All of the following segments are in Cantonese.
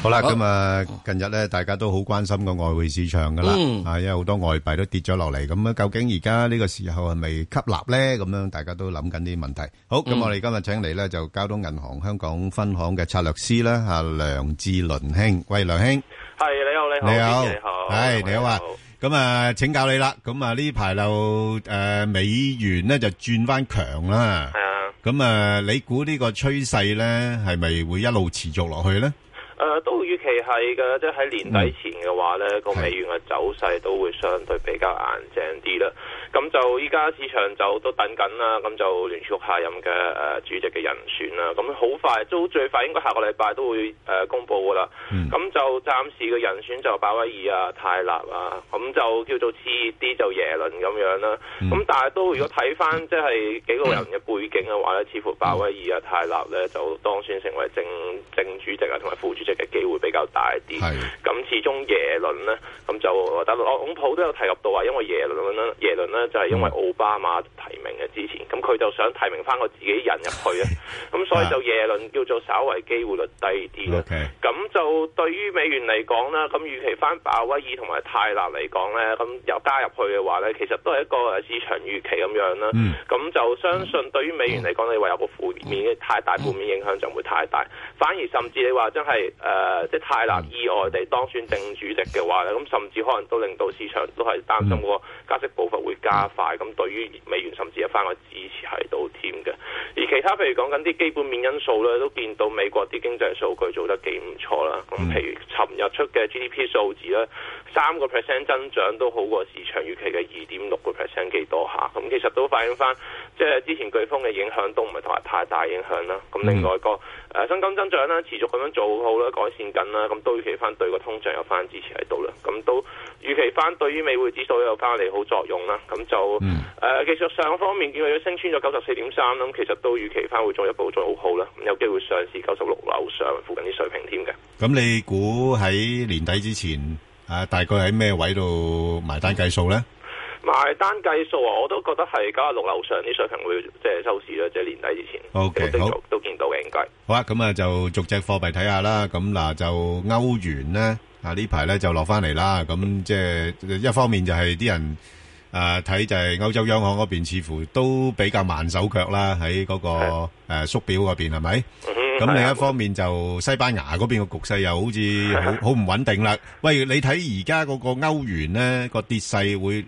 好啦，咁啊，近日咧，大家都好關心個外匯市場噶啦，啊，因為好多外幣都跌咗落嚟。咁啊，究竟而家呢個時候係咪吸納咧？咁樣大家都諗緊啲問題。好，咁我哋今日請嚟咧就交通銀行香港分行嘅策略師啦，阿梁志麟兄，喂，梁兄，係你好，你好，你好，你好，係你好啊。咁啊，請教你啦。咁啊，呢排就誒美元咧就轉翻強啦。係啊。咁啊，你估呢個趨勢咧係咪會一路持續落去咧？誒、呃、都預期係嘅，即係喺年底前嘅話咧，個、嗯、美元嘅走勢都會相對比較硬淨啲啦。咁就依家市場就都等緊啦、啊，咁、嗯、就聯儲局下任嘅誒、呃、主席嘅人選啦、啊。咁、嗯、好快都最快應該下個禮拜都會誒公佈㗎啦。咁、嗯嗯嗯、就暫時嘅人選就鮑威爾啊、泰勒啊，咁、嗯嗯、就叫做熱啲就耶倫咁樣啦、啊。咁、嗯嗯嗯、但係都如果睇翻即係幾個人嘅背景嘅話咧，似乎鮑威爾啊、泰勒咧就當選成為正正主席啊，同埋副主。 四嘅機會比較大啲，咁的始終耶倫呢，咁就我覺得，特朗普都有提及到話，因為耶倫咧，耶倫呢就係因為奧巴馬提名嘅之前，咁佢、嗯、就想提名翻個自己人入去啊，咁的所以就耶倫叫做稍微機會率低啲，咁 Okay. 就對於美元嚟講啦，咁預期翻鮑威爾同埋泰勒嚟講呢，咁又加入去嘅話呢，其實都係一個市場預期咁樣啦，咁、嗯、就相信對於美元嚟講你話有個負面太大負面影響就唔會太大，反而甚至你話真係。誒，uh, 即係泰勒意外地當選正主席嘅話咧，咁甚至可能都令到市場都係擔心個加息步伐會加快。咁、嗯嗯嗯、對於美元，甚至有一翻個支持係度添嘅。而其他譬如講緊啲基本面因素咧，都見到美國啲經濟數據做得幾唔錯啦。咁譬如尋日出嘅 GDP 數字咧，三個 percent 增長都好過市場預期嘅二點六個 percent 幾多下。咁其實都反映翻，即係之前颶風嘅影響都唔係同埋太大影響啦。咁另外個誒薪、嗯啊、金增長咧，持續咁樣做好啦。改善緊啦，咁都預期翻對個通脹有翻支持喺度啦，咁都預期翻對於美匯指數有翻利好作用啦，咁就誒技術上方面見佢升穿咗九十四點三，咁其實都預期翻會進一步再好好啦，咁有機會上市九十六樓上附近啲水平添嘅。咁你估喺年底之前誒、啊、大概喺咩位度埋單計數咧？埋單計數啊！我都覺得係，九六樓上啲水平會即係收市啦。即係年底之前，OK 好都見到嘅應該好啦。咁啊，就逐隻貨幣睇下啦。咁嗱，就歐元咧啊，呢排咧就落翻嚟啦。咁即係一方面就係啲人啊，睇就係歐洲央行嗰邊似乎都比較慢手腳啦。喺嗰個誒縮表嗰邊係咪？咁另一方面就西班牙嗰邊嘅局勢又好似好好唔穩定啦。喂，你睇而家嗰個歐元咧個跌勢會？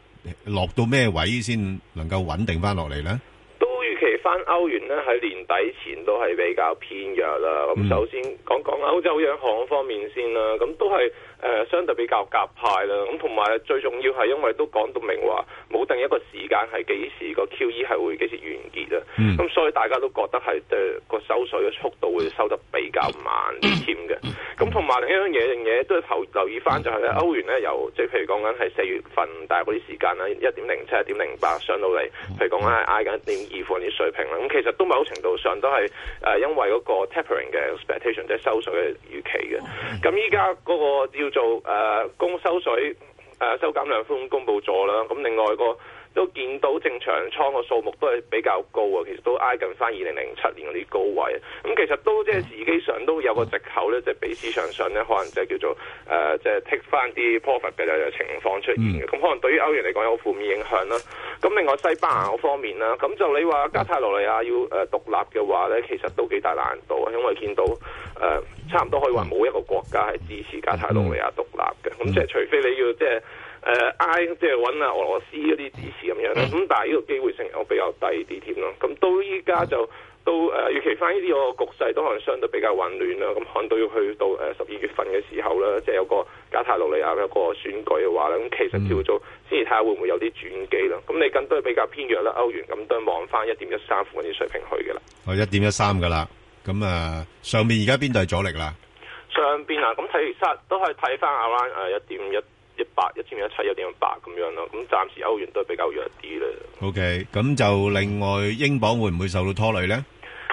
落到咩位先能夠穩定翻落嚟呢？都預期翻歐元呢喺年底前都係比較偏弱啦。咁首先講講歐洲央行方面先啦，咁都係。誒、呃、相對比較夾派啦，咁同埋最重要係因為都講到明話，冇定一個時間係幾時個 QE 係會幾時完結啊。咁、嗯嗯、所以大家都覺得係誒個收水嘅速度會收得比較慢啲添嘅。咁同埋另一樣嘢，嘢都係留留意翻就係、是、歐元咧，由即係譬如講緊係四月份大部分啲時間咧一點零七、一點零八上到嚟，譬如講咧挨緊一點二款啲水平啦。咁、嗯、其實都某程度上都係誒、呃、因為嗰個 tapering 嘅 expectation，即係收水嘅預期嘅。咁依家嗰個做誒供、呃、收水誒、呃、收減量寬公布咗啦，咁另外一個。都見到正常倉個數目都係比較高啊，其實都挨近翻二零零七年嗰啲高位。咁、嗯、其實都即係時機上都有個藉口咧，就係、是、比市場上咧可能就係叫做誒即係 take 翻啲 profit 嘅情況出現嘅。咁、嗯嗯、可能對於歐元嚟講有負面影響啦。咁另外西班牙方面啦，咁就你話加泰羅尼亞要誒獨立嘅話咧，其實都幾大難度，啊。因為見到誒、呃、差唔多可以話冇一個國家係支持加泰羅尼亞獨立嘅。咁、嗯嗯、即係除非你要即係。誒，嗌、呃、即係揾啊，俄羅斯嗰啲指示咁樣咧，咁、嗯、但係呢個機會性又比較低啲添咯。咁到依家就都誒，預期翻呢啲個局勢都可能相對比較混亂啦。咁可能都要去到誒十二月份嘅時候咧，即係有個加泰羅尼亞有個選舉嘅話咧，咁其實叫做先至睇下會唔會有啲轉機咯。咁你更多係比較偏弱啦，歐元咁都係望翻一點一三附近啲水平去嘅啦。哦，一點一三嘅啦，咁啊上邊而家邊度係阻力啦？上邊啊，咁睇其實都係睇翻 around 誒一點一。一百一千零一七又跌翻百咁樣咯，咁暫時歐元都係比較弱啲咧。OK，咁就另外英鎊會唔會受到拖累呢？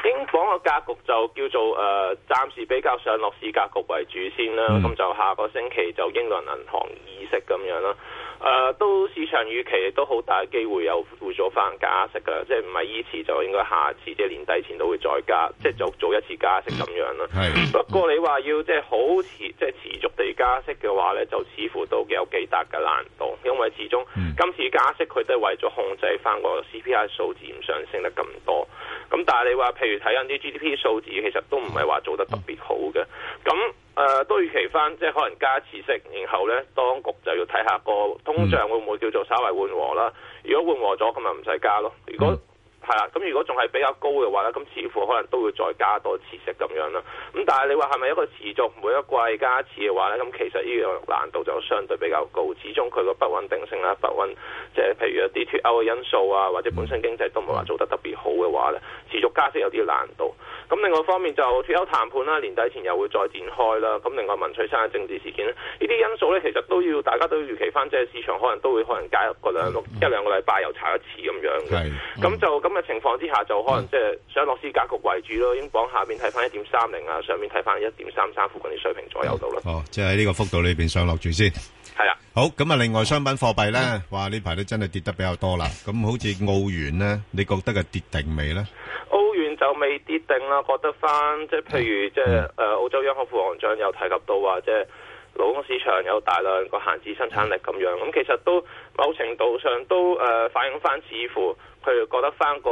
英鎊個格局就叫做誒，暫時比較上落市格局為主先啦。咁就下個星期就英倫銀行議息咁樣啦。嗯誒、呃、都市場預期都好大機會會做翻加息㗎，即係唔係依次就應該下次，即係年底前都會再加，即係做做一次加息咁樣啦。 不過你話要即係好持即係持續地加息嘅話呢，就似乎都有幾大嘅難度，因為始終 今次加息佢都係為咗控制翻個 CPI 數字唔上升得咁多。咁但係你話譬如睇緊啲 GDP 數字，其實都唔係話做得特別好嘅。咁誒、呃、都預期翻，即係可能加一次息，然後咧，當局就要睇下個通脹會唔會叫做稍微緩和啦。如果緩和咗，咁咪唔使加咯。如果、嗯係啦，咁如果仲係比較高嘅話咧，咁似乎可能都會再加多次息咁樣啦。咁但係你話係咪一個持續每一季加一次嘅話咧，咁其實呢個難度就相對比較高。始終佢個不穩定性啦、不穩，即係譬如一啲脫歐嘅因素啊，或者本身經濟都唔係話做得特別好嘅話咧，持續加息有啲難度。咁另外方面就脫歐談判啦，年底前又會再展開啦。咁另外文翠珊嘅政治事件咧，呢啲因素咧其實都要大家都預期翻，即係市場可能都會可能加一個兩、嗯嗯、一兩個禮拜又查一次咁樣嘅。咁是就今。嗯嗯情況之下，就可能即係上落市格局為主咯。咁講下面睇翻一點三零啊，上面睇翻一點三三附近嘅水平左右度咯。哦，即係喺呢個幅度裏邊上落住先。係啊。好，咁啊，另外商品貨幣呢，的哇，呢排都真係跌得比較多啦。咁好似澳元呢，你覺得佢跌定未呢？澳元就未跌定啦，覺得翻即係，譬如即係誒澳洲央行副行長又提及到話，即係勞工市場有大量個閒置生產力咁樣。咁其實都某程度上都誒、呃、反映翻似乎。佢又覺得翻個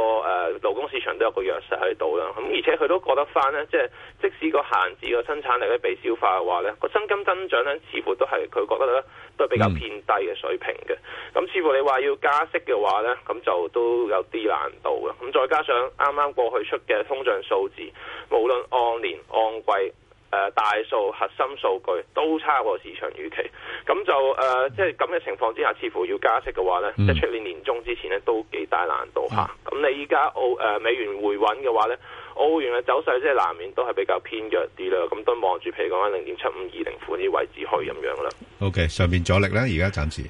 誒勞工市場都有個弱勢喺度啦，咁而且佢都覺得翻呢，即係即使個閒置個生產力咧被消化嘅話呢，個薪金增長呢，似乎都係佢覺得咧都係比較偏低嘅水平嘅。咁、嗯、似乎你話要加息嘅話呢，咁就都有啲難度嘅。咁再加上啱啱過去出嘅通脹數字，無論按年按季。誒，uh, 大數核心數據都差過市場預期，咁就誒、呃，即係咁嘅情況之下，似乎要加息嘅話呢，嗯、即係出年年中之前呢，都幾大難度吓。咁、啊、你依家澳誒、呃、美元回穩嘅話呢，澳元嘅走勢即係難免都係比較偏弱啲啦。咁、嗯、都望住，譬如講零點七五二零附近啲位置去咁樣啦。OK. 上邊阻力咧，而家暫時，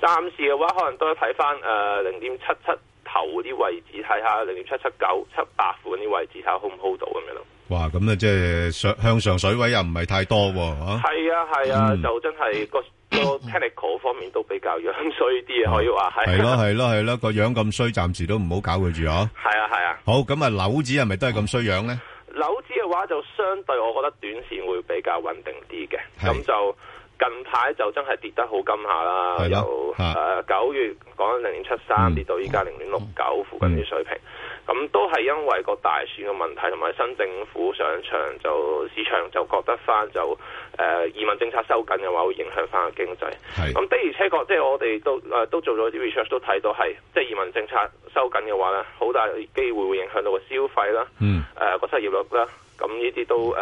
暫時嘅話可能都睇翻誒零點七七頭啲位置睇下，零點七七九、七八附近啲位置睇下 hold 唔 hold 到咁樣咯。哇，咁啊，即係上向上水位又唔係太多，係啊係啊，就真係個個 technical 方面都比較樣衰啲啊，可以話係，係咯係咯係咯，個樣咁衰，暫時都唔好搞佢住啊。係啊係啊。好，咁啊，樓子係咪都係咁衰樣咧？樓子嘅話就相對，我覺得短綫會比較穩定啲嘅。咁就近排就真係跌得好金下啦。係咯。誒，九月講緊零點七三，跌到依家零點六九附近啲水平。咁都係因為個大選嘅問題，同埋新政府上場就市場就覺得翻就誒、呃、移民政策收緊嘅話，會影響翻個經濟。咁是的而且確，即係我哋都誒、呃、都做咗啲 research 都睇到係，即係移民政策收緊嘅話咧，好大機會會影響到個消費啦，誒個、嗯呃、失業率啦。咁呢啲都誒，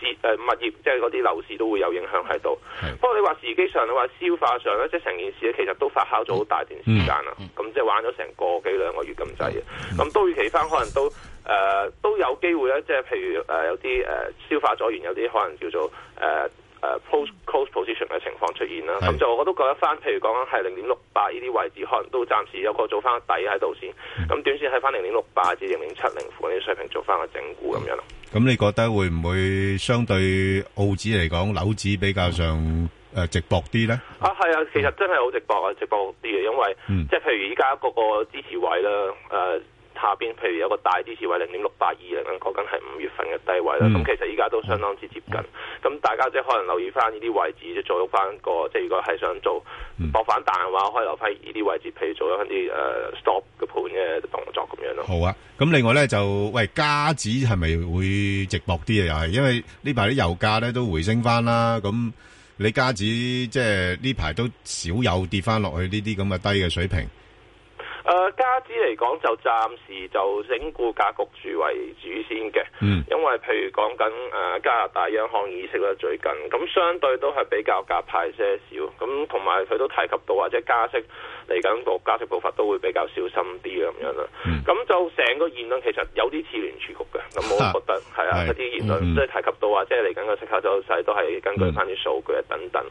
市、呃、誒、呃、物業即係嗰啲樓市都會有影響喺度。不過的你話時機上你話消化上咧，即係成件事咧，其實都發酵咗好大段時間啦。咁即係玩咗成個幾兩個月咁滯嘅。咁、嗯、都預期翻，可能都誒、呃、都有機會咧，即係譬如誒、呃、有啲誒消化咗完，有啲可能叫做誒誒、呃、post close position 嘅情況出現啦。咁的就我都覺得翻，譬如講係零點六八呢啲位置，可能都暫時有個做翻個底喺度先。咁短線喺翻零點六八至零點七零附近水平做翻個整固咁樣咯。咁你覺得會唔會相對澳紙嚟講，樓紙比較上誒、呃、值博啲咧？啊，係啊，其實真係好值博啊，值博啲嘅，因為即係、嗯、譬如依家個個支持位啦，誒、呃。下邊譬如有個大支持位零點六八二零，講緊係五月份嘅低位啦。咁、嗯、其實依家都相當之接近。咁、嗯、大家即係可能留意翻呢啲位置，即係做翻個即係如果係想做博反彈嘅話，嗯、可以留翻呢啲位置，譬如做咗一啲誒、uh, stop 嘅盤嘅動作咁樣咯。好啊。咁另外咧就，喂，加指係咪會直落啲啊？又係因為呢排啲油價咧都回升翻啦。咁你加指即係呢排都少有跌翻落去呢啲咁嘅低嘅水平。誒加資嚟講，就暫時就整固格局主為主先嘅。因為譬如講緊誒加拿大央行議息啦，最近咁相對都係比較夾派些少。咁同埋佢都提及到，或者加息嚟緊個加息步伐都會比較小心啲咁樣啦。咁就成個言論其實有啲似聯儲局嘅。咁我覺得係啊，一啲言論即係提及到話，即係嚟緊個息口走勢都係根據翻啲數據啊等等。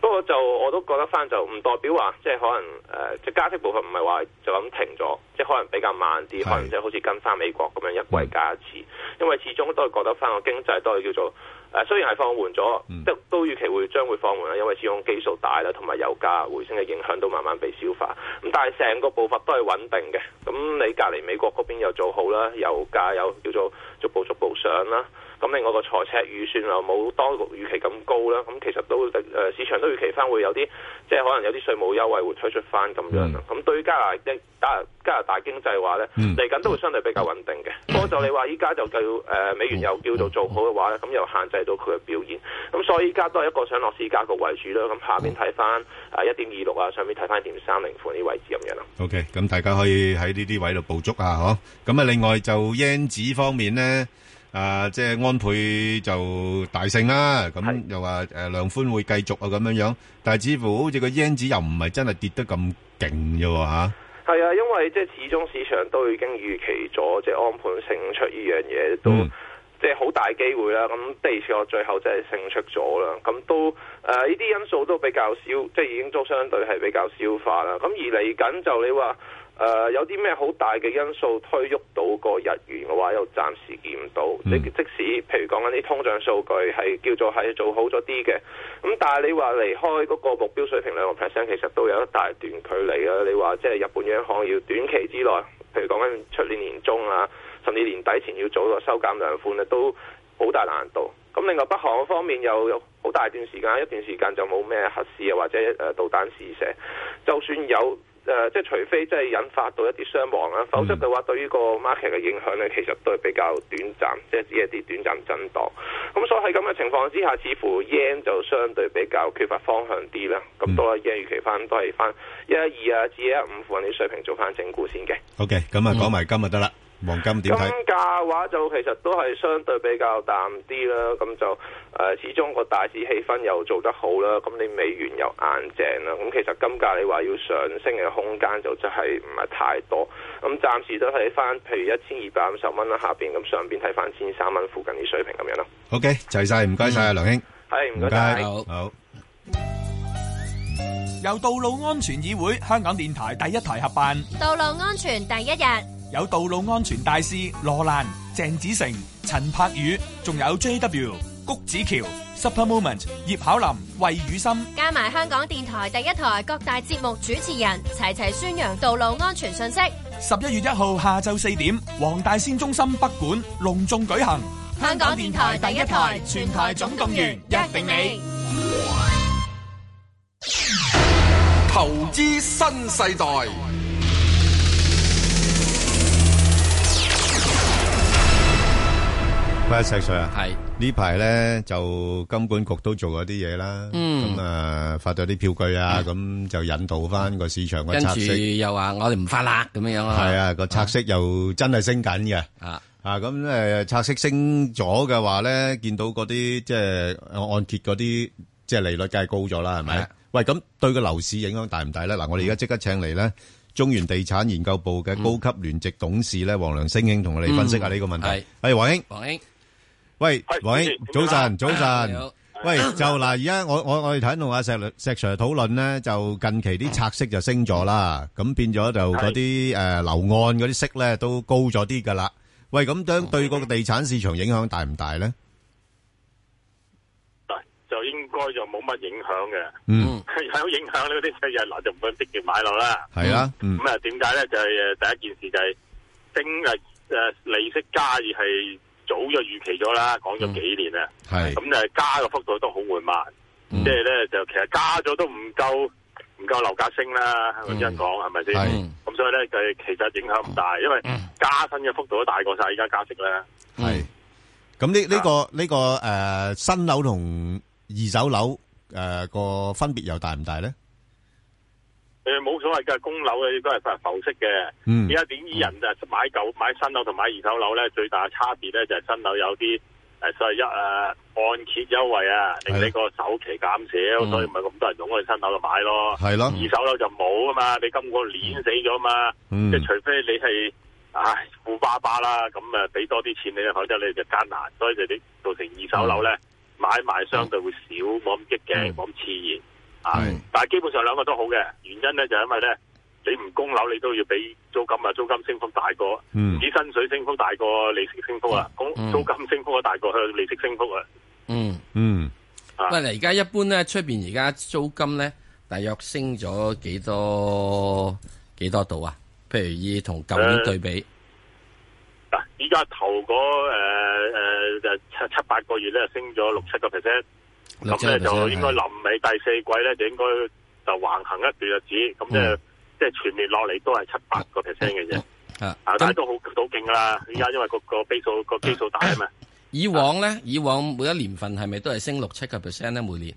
不過就我都覺得翻就唔代表話，即係可能誒，即加息步伐唔係話就。咁停咗，即係可能比較慢啲，是可能即係好似跟翻美國咁樣一季加一次，嗯、因為始終都係覺得翻個經濟都係叫做誒、呃，雖然係放緩咗，即、嗯、都預期會將會放緩啦，因為始終基數大啦，同埋油價回升嘅影響都慢慢被消化，咁但係成個步伐都係穩定嘅。咁你隔離美國嗰邊又做好啦，油價又叫做逐步逐步上啦。咁另外、個財赤預算又冇當局預期咁高啦，咁其實都誒、呃、市場都預期翻，會有啲即係可能有啲稅務優惠會推出翻咁樣啦。咁、嗯、對於加拿大加加拿大經濟嘅話咧，嚟緊、嗯、都會相對比較穩定嘅。不過、嗯、就你話依家就叫誒美元又叫做做好嘅話咧，咁好又限制到佢嘅表現。咁好所以依家都係一個上落市格局為主啦。咁下面睇翻啊一點二六啊，26，上面睇翻一點三零附近啲位置咁樣啦。OK，咁大家可以喺呢啲位度捕捉啊，嗬。咁啊，另外就英紙方面咧。啊、呃，即係安倍就大勝啦，咁是的 又話誒、呃、量寬會繼續啊，咁樣樣，但係似乎好似個煙子又唔係真係跌得咁勁啫吓。係啊,啊，因為即係始終市場都已經預期咗，即係安倍勝出呢樣嘢，都、嗯、即係好大機會啦。咁第二次我最後真係勝出咗啦，咁都誒呢啲因素都比較少，即係已經都相對係比較消化啦。咁而嚟緊就你話。誒、uh，有啲咩好大嘅因素推喐到個日元嘅話，又暫時見唔到。你、嗯、即使譬如講緊啲通脹數據係叫做係做好咗啲嘅，咁但係你話離開嗰個目標水平兩個 percent，其實都有一大段距離啊。你話即係日本央行要短期之內，譬如講緊出年年中啊，甚至年底前要做個收緊量寬，咧，都好大難度。咁另外北韓方面又有好大段時間一段時間就冇咩核試啊，或者誒導彈試射，就算有。誒、呃，即係除非即係引發到一啲傷亡啊，否則嘅話對呢個 market 嘅影響咧，其實都係比較短暫，即係只係啲短暫震盪。咁所以喺咁嘅情況之下，似乎 yen 就相對比較缺乏方向啲啦。咁多啦，yen 預期翻都係翻一一二啊至一一五附近啲水平做翻整固先嘅。OK，咁啊講埋今日得啦。嗯黃金點睇？金價話就其實都係相對比較淡啲啦，咁就誒、呃、始終個大市氣氛又做得好啦，咁你美元又硬淨啦，咁其實金價你話要上升嘅空間就真係唔係太多，咁暫時都睇翻譬如一千二百五十蚊啦下邊，咁上邊睇翻千三蚊附近啲水平咁樣咯。O K，齊晒，唔該晒啊，梁兄。係唔該晒，好。好，由道路安全議會、香港電台第一台合辦，道路安全第一日。有道路安全大使羅蘭、鄭子誠、陳柏宇，仲有 J W、谷子喬、Supper Moment、葉巧琳、魏宇森，加埋香港電台第一台各大節目主持人，齊齊宣揚道路安全信息。十一月一號下晝四點，黃大仙中心北館隆重舉行。香港電台第一台，全台總動員，約定你投資新世代。喂，石水啊，係呢排咧就金管局都做咗啲嘢啦，咁啊發咗啲票據啊，咁就引導翻個市場嘅拆息，又話我哋唔發啦，咁樣樣啊，係啊個拆息又真係升緊嘅啊啊咁誒拆息升咗嘅話咧，見到嗰啲即係按揭嗰啲即係利率梗係高咗啦，係咪？喂，咁對個樓市影響大唔大咧？嗱，我哋而家即刻請嚟咧中原地產研究部嘅高級聯席董事咧黃良升兄同我哋分析下呢個問題。係，誒，黃兄，黃兄。喂，王英，早晨，早晨。喂，就嗱，而家我我我哋睇到阿石石 Sir 討論咧，就近期啲拆息就升咗啦，咁變咗就嗰啲誒樓按嗰啲息咧都高咗啲噶啦。喂，咁樣對個地產市場影響大唔大咧？嗱，就應該就冇乜影響嘅。嗯，係有影響咧，嗰啲細嘢嗱就唔會直接買落啦。係啊，咁啊點解咧？就係誒第一件事就係升誒誒利息加而係。早就預期咗啦，講咗幾年啦，係咁就係加嘅幅度都好緩慢。嗯、即係咧就其實加咗都唔夠唔夠樓價升啦，香港人講係咪先？咁是所以咧佢其實影響唔大，因為加薪嘅幅度都大過晒。依家加息咧。係咁呢？呢、這個呢、這個誒、這個呃、新樓同二手樓誒、呃、個分別又大唔大咧？誒，冇所謂噶，供樓嘅亦都係浮息嘅。而、嗯、家點依人就買舊買新樓同買二手樓咧，最大嘅差別咧就係新樓有啲誒，所謂一誒按揭優惠啊，令你個首期減少，嗯、所以唔係咁多人湧去新樓度買咯。係咯的，二手樓就冇啊嘛，俾金哥年死咗嘛。即係、嗯、除非你係唉富爸爸啦，咁啊俾多啲錢或者你，否則你就艱難。所以就你造成二手樓咧、嗯、買賣相對會少，冇咁、嗯、激嘅，冇咁刺激。嗯係、啊，但係基本上兩個都好嘅，原因咧就係、因為咧，你唔供樓你都要俾租金啊，租金升幅大過，唔止薪水升幅大過，利息升幅啊，供、嗯、租金升幅大過佢利息升幅、嗯嗯、啊。嗯嗯，喂，而家一般咧出邊而家租金咧大約升咗幾多幾多度啊？譬如以同舊年對比，嗱、呃，依家頭嗰誒誒七七八個月咧升咗六七個 percent。咁咧就應該臨尾第四季咧，就應該就橫行一段日子。咁就即係全面落嚟都係七八個 percent 嘅啫。啊，啊大家都好都勁啦。依家、嗯啊、因為、嗰個、嗰個基數、嗰個基數大啊嘛。以往咧，啊、以往每一年份係咪都係升六七個 percent 咧？每年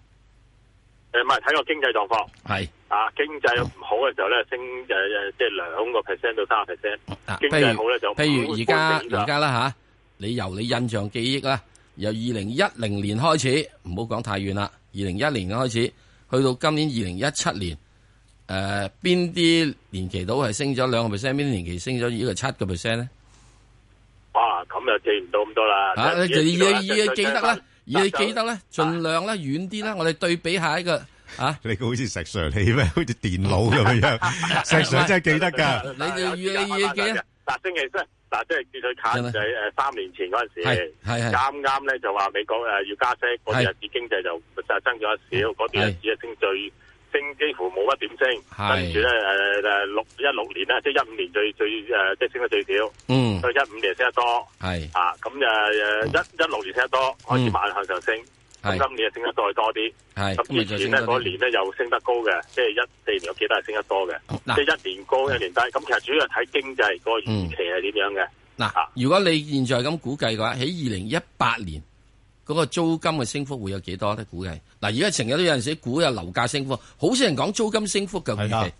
誒，唔係睇個經濟狀況係啊。經濟唔好嘅時候咧，升誒即係兩個 percent 到三個 percent。就是啊、經濟好咧就譬如而家而家啦吓，你由你印象記憶啦。由二零一零年開始，唔好講太遠啦。二零一零年開始，去到今年二零一七年，誒邊啲年期倒係升咗兩個 percent，邊啲年期升咗二個七個 percent 咧？哇！咁又記唔到咁多啦嚇！你記，你記得啦，你記得咧，儘量咧遠啲啦。我哋對比下一個嚇，你個好似石上氣咩？好似電腦咁樣，石 sir 真係記得㗎。你哋月月記，下星期一。嗱，即係叫佢近就係三年前嗰陣時，啱啱咧就話美國誒要加息，嗰日子經濟就實係增咗一少，嗰段日子啊升最升幾乎冇乜點升，跟住咧誒誒六一六年咧，即係一五年最最誒即係升得最少，嗯，所以一五年升得多，係啊，咁誒誒一一六年升得多，開始慢向上升。今年啊升得再多啲，係咁以前嗰年咧又升得高嘅，即係一四年有幾多係升得多嘅，即係一年高一年低。咁其實主要係睇經濟個預期係點樣嘅。嗱，如果你現在咁估計嘅話，喺二零一八年嗰個租金嘅升幅會有幾多？咧估計嗱，而家成日都有陣時估股有樓價升幅，好少人講租金升幅嘅預期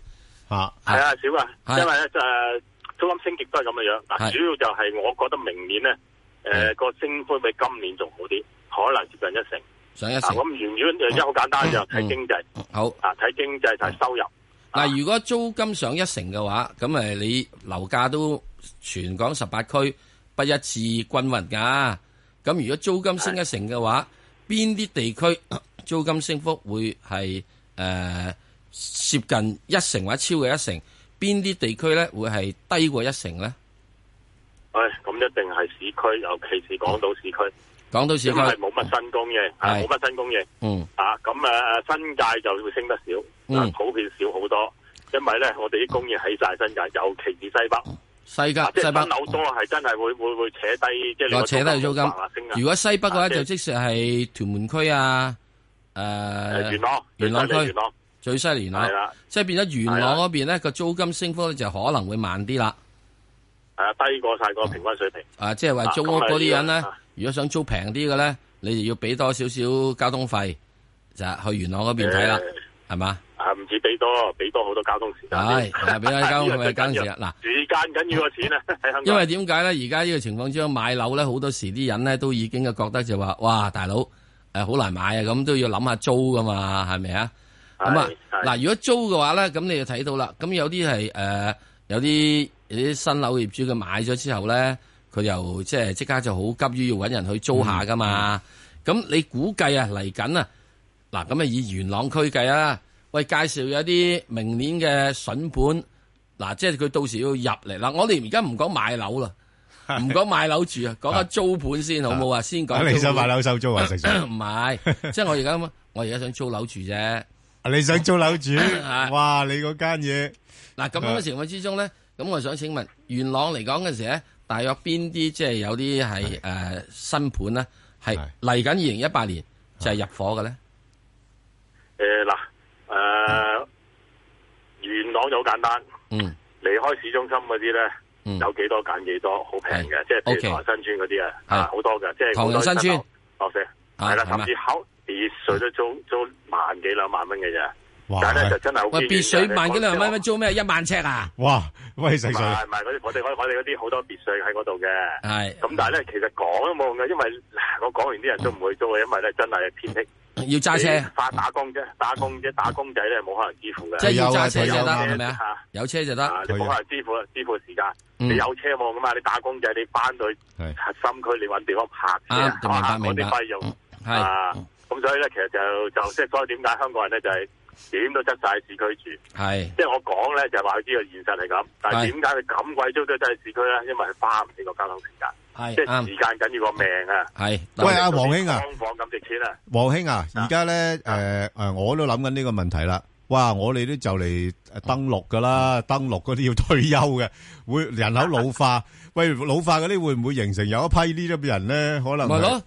啊，係啊少啊，因為誒租金升極都係咁嘅樣。嗱，主要就係我覺得明年咧，誒個升幅比今年仲好啲，可能接近一成。上一成，咁完全又即係好簡單嘅，睇經濟、嗯。好，啊睇經濟睇收入。嗱、啊啊，如果租金上一成嘅話，咁誒，你樓價都全港十八區不一致均匀噶。咁如果租金升一成嘅話，邊啲地區租金升幅會係誒接近一成或者超過一成？邊啲地區咧會係低過一成咧？誒、哎，咁一定係市區，尤其是港島市區。嗯講到市區係冇乜新供應，冇乜新供應，嗯，啊，咁誒，新界就會升得少，啊，普遍少好多，因為咧我哋啲供應喺晒新界，尤其係西北、西郊、西北樓多，係真係會會會扯低，即係扯低租金。如果西北嘅話，就即使係屯門區啊，誒元朗、元朗區、最西嘅元朗，即係變咗元朗嗰邊咧個租金升幅就可能會慢啲啦。係啊，低過晒個平均水平。啊，即係話租屋嗰啲人咧，啊、如果想租平啲嘅咧，你就要俾多少少交通費，就去元朗嗰邊睇啦，係嘛、欸？吧啊，唔止俾多，俾多好多交通時間，係俾、哎哎、多交通嘅 時間。嗱，時間緊要過錢啊！因為點解咧？而家呢個情況之下買樓咧，好多時啲人咧都已經啊覺得就話，哇，大佬誒好難買想想啊！咁都要諗下租噶嘛，係咪啊？咁啊，嗱、啊，如果租嘅話咧，咁你、啊啊、就睇到啦，咁有啲係誒有啲。有啲新樓業主佢買咗之後咧，佢又即係即刻就好急於要搵人去租下噶嘛。咁你估計啊嚟緊啊，嗱咁啊以元朗區計啦，喂介紹有啲明年嘅筍盤，嗱即係佢到時要入嚟嗱。我哋而家唔講買樓啦，唔講買樓住啊，講下租盤先好冇啊？先講，你想買樓收租啊？唔係，即係我而家我而家想租樓住啫。你想租樓住？哇！你嗰間嘢，嗱咁樣嘅情況之中咧。咁我想請問元朗嚟講嘅時咧，大約邊啲即係有啲係誒新盤咧，係嚟緊二零一八年就係入伙嘅咧？誒嗱誒，元朗就好簡單，嗯，離開市中心嗰啲咧，有幾多揀幾多，好平嘅，即係唐人新村嗰啲啊，好多嘅，即係唐人新村，ok，係啦，甚至乎別墅都租租，租，租，租多多萬幾兩萬蚊嘅咋。但係咧就真係好，別墅萬幾兩萬蚊租咩？一萬尺啊！哇，威死！賣賣嗰啲，我哋可我哋嗰啲好多別墅喺嗰度嘅。係，咁但係咧其實講都冇用嘅，因為我講完啲人都唔會租嘅，因為咧真係偏僻，要揸車，發打工啫，打工啫，打工仔咧冇可能支付嘅。即係要揸車就得，有車就得，就冇可能支付，支付時間你有車冇噶嘛？你打工仔你翻到去核心區你搵地方泊車，我哋快用係，咁所以咧其實就就即係所以點解香港人咧就係。點都得晒市區住，係，即係我講咧就話佢知道現實係咁，但係點解佢咁貴租都得喺市區咧？因為佢花唔起個交通時間，係，即係時間緊要個命啊，係。喂，阿黃兄啊，劏房咁值錢啊？黃兄啊，而家咧，誒誒，我都諗緊呢個問題啦。哇，我哋咧就嚟登錄噶啦，登錄嗰啲要退休嘅，會人口老化，喂，老化嗰啲會唔會形成有一批呢啲人咧，可能？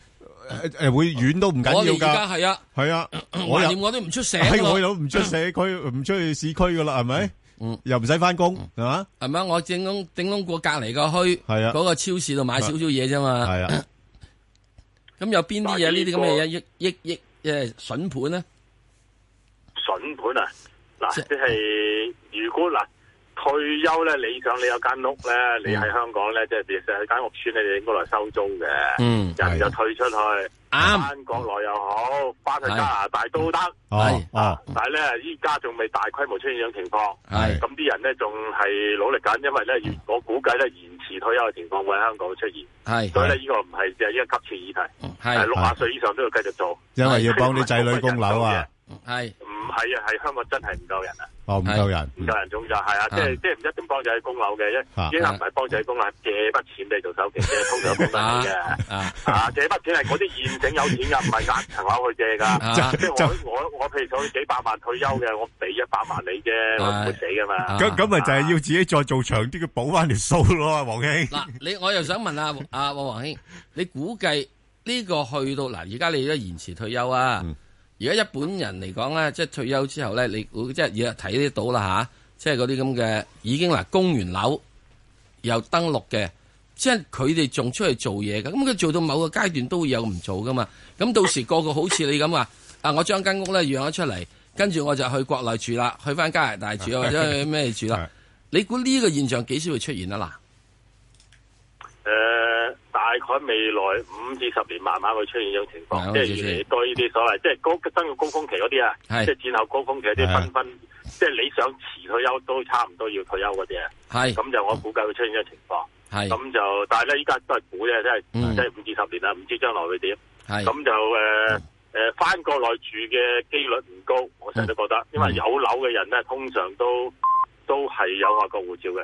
誒誒，會遠都唔緊要噶，係啊，係啊，我連我都唔出社區，我都唔出社區，唔出去市區噶啦，係咪？嗯，又唔使翻工，係嘛？係咪？我整窿整窿過隔籬個墟，係啊，嗰個超市度買少少嘢啫嘛，係啊。咁 有邊啲嘢？這個、呢啲咁嘅一益益億誒，筍盤咧？筍盤啊！嗱，即係如果嗱。退休咧，你想你有間屋咧，你喺香港咧，即係其實喺間屋村，你哋應該嚟收租嘅。嗯，人就退出去，返香港來又好，返去加拿大都得。係，但係咧，依家仲未大規模出現呢種情況。係，咁啲人咧仲係努力緊，因為咧，我估計咧，延遲退休嘅情況會喺香港出現。係，所以咧，呢個唔係就係一個急切議題。係，六啊歲以上都要繼續做，因為要幫啲仔女供樓啊。係。唔係啊，係香港真係唔夠人啊！哦，唔夠人，唔夠人，仲就係啊，即係即係唔一定幫仔供樓嘅，一啲都唔係幫仔供啊！借筆錢嚟做首期嘅，通常幫得你嘅，啊借筆錢係嗰啲現整有錢嘅，唔係壓層樓去借噶。即係我我譬如講幾百萬退休嘅，我俾一百萬你啫，我唔會死噶嘛。咁咁咪就係要自己再做長啲嘅，補翻條數咯，黃兄。嗱，你我又想問下，啊黃黃兄，你估計呢個去到嗱，而家你都延遲退休啊？而家日本人嚟講咧，即係退休之後咧，你估即係睇得到啦吓，即係嗰啲咁嘅已經嗱供完樓又登錄嘅，即係佢哋仲出去做嘢嘅，咁佢做到某個階段都會有唔做噶嘛，咁到時個個好似你咁話，啊我將間屋咧讓咗出嚟，跟住我就去國內住啦，去翻加拿大住或者去咩住啦， 你估呢個現象幾時會出現啊嗱？誒、uh。大概未來五至十年，慢慢會出現呢種情況的，即係越嚟越多呢啲所謂，的即係高生育高峰期嗰啲啊，即係戰後高峰期啲紛紛，的即係你想遲退休都差唔多要退休嗰啲啊。係咁的就我估計會出現呢種情況。係咁的就，但係咧依家都係估啫，即係、嗯、即係五至十年啊，唔知將來會點。係咁的就誒誒，返、呃嗯、國內住嘅機率唔高，我成日都覺得，因為有樓嘅人咧，通常都都係有外國護照嘅。